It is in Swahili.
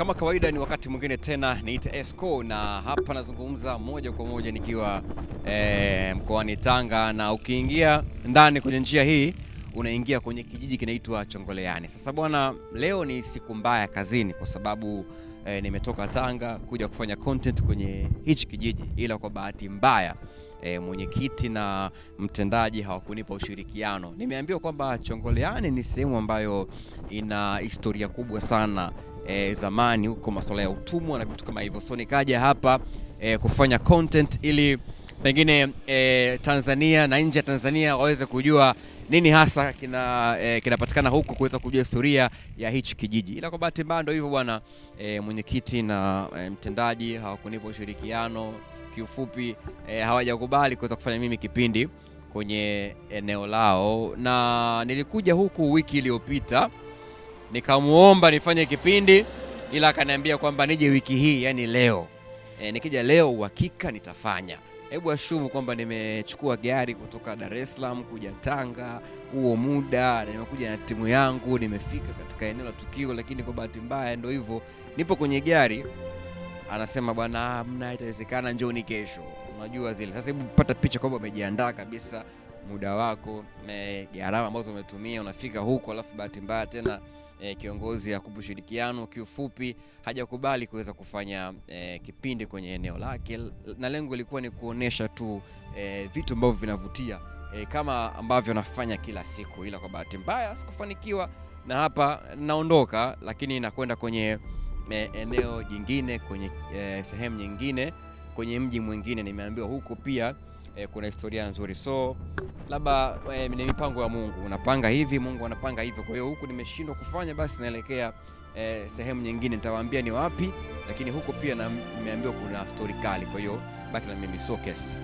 Kama kawaida ni wakati mwingine tena niite Esco na hapa nazungumza moja kwa moja nikiwa e, mkoani Tanga, na ukiingia ndani kwenye njia hii unaingia kwenye kijiji kinaitwa Chongoleani. Sasa bwana, leo ni siku mbaya kazini kwa sababu e, nimetoka Tanga kuja kufanya content kwenye hichi kijiji, ila kwa bahati mbaya e, mwenyekiti na mtendaji hawakunipa ushirikiano. Nimeambiwa kwamba Chongoleani ni sehemu ambayo ina historia kubwa sana e, zamani huko masuala ya utumwa na vitu kama hivyo. So nikaja hapa e, kufanya content ili pengine e, Tanzania na nje ya Tanzania waweze kujua nini hasa kina e, kinapatikana huko kuweza kujua historia ya hichi kijiji, ila kwa bahati mbaya ndio hivyo bwana e, mwenyekiti na e, mtendaji hawakunipa ushirikiano. Kiufupi e, hawajakubali kuweza kufanya mimi kipindi kwenye eneo lao, na nilikuja huku wiki iliyopita nikamuomba nifanye kipindi, ila akaniambia kwamba nije wiki hii, yani leo e, nikija leo uhakika nitafanya. Hebu ashumu kwamba nimechukua gari kutoka Dar es Salaam kuja Tanga huo muda, nimekuja na timu yangu, nimefika katika eneo la tukio, lakini kwa bahati mbaya ndio hivyo, nipo kwenye gari, anasema bwana, mna haitawezekana, njoni kesho. Unajua zile sasa, hebu pata picha kwamba umejiandaa kabisa, muda wako, gharama ambazo umetumia, unafika huko, alafu bahati mbaya tena e, kiongozi Yakubu Ushirikiano kiufupi hajakubali kuweza kufanya e, kipindi kwenye eneo lake, na lengo ilikuwa ni kuonesha tu e, vitu ambavyo vinavutia e, kama ambavyo nafanya kila siku, ila kwa bahati mbaya sikufanikiwa, na hapa naondoka, lakini nakwenda kwenye e, eneo jingine, kwenye e, sehemu nyingine, kwenye mji mwingine. Nimeambiwa huko pia e, kuna historia nzuri, so labda e, ni mipango ya Mungu, unapanga hivi, Mungu anapanga hivyo. Kwa hiyo huku nimeshindwa kufanya, basi naelekea e, sehemu nyingine, nitawaambia ni wapi, lakini huko pia nimeambiwa kuna story kali. Kwa hiyo baki na mimi Sokes.